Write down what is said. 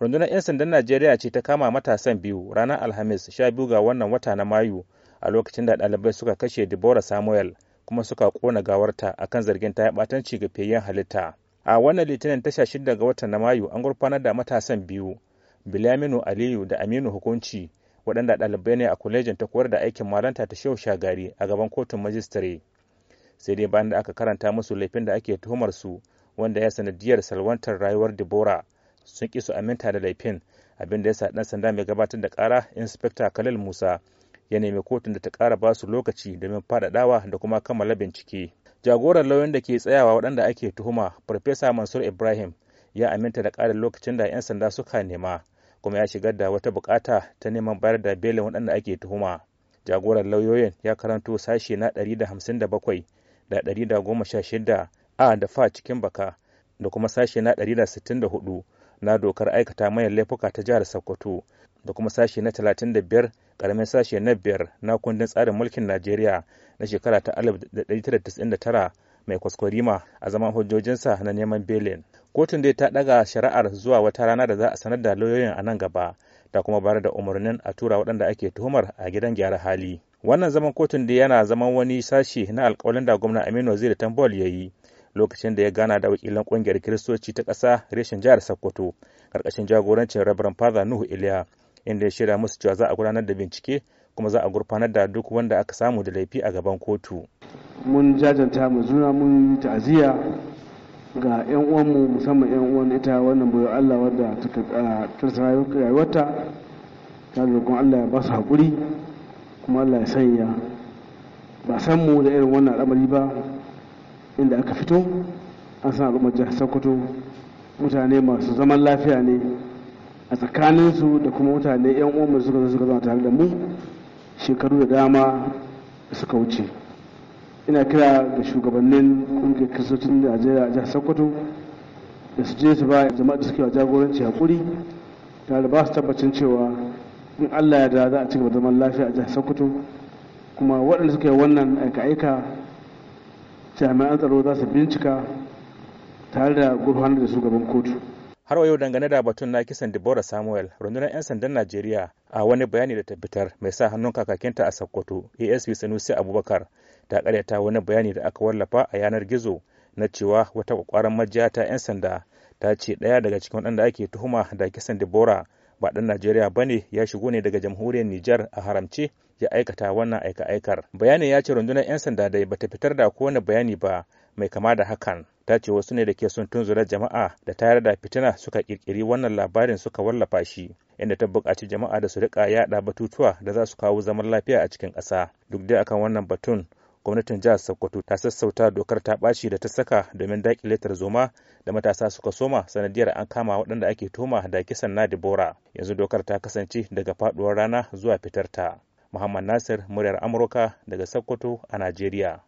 rundunar 'yan sandan najeriya ce ta kama matasan biyu ranar alhamis sha biyu ga wannan wata na mayu a lokacin da ɗalibai suka kashe deborah samuel kuma suka kona gawarta a kan zargin ta ɓatanci ga fiyayyen halitta a wannan litinin tasha shida ga watan na mayu an gurfanar da matasan biyu bilaminu aliyu da aminu hukunci waɗanda ɗalibai ne a kwalejin ta koyar da aikin malanta ta shehu shagari a gaban kotun majistare sai dai bayan da aka karanta musu laifin da ake tuhumar su wanda ya sanadiyar salwantar rayuwar deborah sun ki su aminta da laifin abinda ya sa ɗan sanda mai gabatar da kara inspector khalil musa ya nemi kotun da ta kara ba su lokaci domin faɗaɗawa da kuma kammala bincike jagoran lauyan da ke tsayawa waɗanda ake tuhuma farfesa mansur ibrahim ya aminta da karin lokacin da 'yan sanda suka nema kuma ya shigar da wata bukata ta neman bayar da belin waɗanda ake tuhuma jagoran lauyoyin ya karanto sashe na 157 da 116 a da fa cikin baka da kuma sashe na 164 na dokar aikata manyan laifuka ta jihar Sokoto da kuma sashe na 35 karamin sashe na biyar na kundin tsarin mulkin Najeriya na shekara ta 1999 mai kwaskwarima a zaman hujjojinsa na neman belin. Kotun dai ta daga shari'ar zuwa wata rana da za a sanar da lauyoyin a nan gaba ta kuma bayar da umarnin a tura waɗanda ake tuhumar a gidan gyara hali. Wannan zaman kotun dai yana zaman wani sashe na alƙawalin da gwamna Aminu Waziri Tambol ya yi lokacin da ya gana da wakilan kungiyar kiristoci ta ƙasa reshen jihar sokoto ƙarƙashin jagorancin rabaran father nuhu iliya inda ya shirya musu cewa za a gudanar da bincike kuma za a gurfanar da duk wanda aka samu da laifi a gaban kotu mun jajanta mu juna mun yi ta'aziyya ga yan uwanmu musamman yan uwan ita wannan boye Allah wanda ta karsa rayuwarta ta roƙon Allah ya ba su haƙuri kuma Allah ya sanya ba san mu da irin wannan al'amari ba inda aka fito an san al'ummar jihar sokoto mutane masu zaman lafiya ne a tsakaninsu da kuma mutane yan uwanmu suka zo suka zama tare da mu shekaru da dama suka wuce ina kira ga shugabannin kungiyar kiristocin najeriya a jihar sokoto da su je su ba jama'a da suke jagoranci hakuri tare ba su tabbacin cewa in allah ya da za a ci gaba zaman lafiya a jihar sokoto kuma waɗanda suka yi wannan aika-aika jami'an tsaro za su bincika tare da gurfanar da su gaban kotu har wa yau dangane da batun na kisan Deborah Samuel rundunar 'yan sandan Najeriya a wani bayani da ta mai sa hannun kakakinta a Sokoto ASP Sanusi Abubakar ta karyata wani bayani da aka wallafa a yanar gizo na cewa wata kwakwaran majiya ta 'yan sanda ta ce ɗaya daga cikin waɗanda ake tuhuma da kisan Deborah ba ɗan Najeriya bane ya shigo ne daga jamhuriyar Nijar a haramce ya aikata wannan aika-aikar. Bayanin ya ce rundunar 'yan sanda dai bata fitar da kowane bayani ba mai kama da hakan. Ta ce wasu ne da ke son tunzurar jama'a da tayar da fitina suka kirkiri wannan labarin suka wallafa shi. Inda ta buƙaci jama'a da su riƙa yaɗa batutuwa da za su kawo zaman lafiya a cikin ƙasa. Duk dai akan wannan batun gwamnatin jihar sokoto ta sassauta dokar ta ɓaci da ta saka domin daƙile zoma da matasa suka soma sanadiyar an kama waɗanda ake toma da kisan na dibora yanzu dokar ta kasance daga faɗuwar rana zuwa fitarta muhammad nasir muryar amurka daga sokoto a najeriya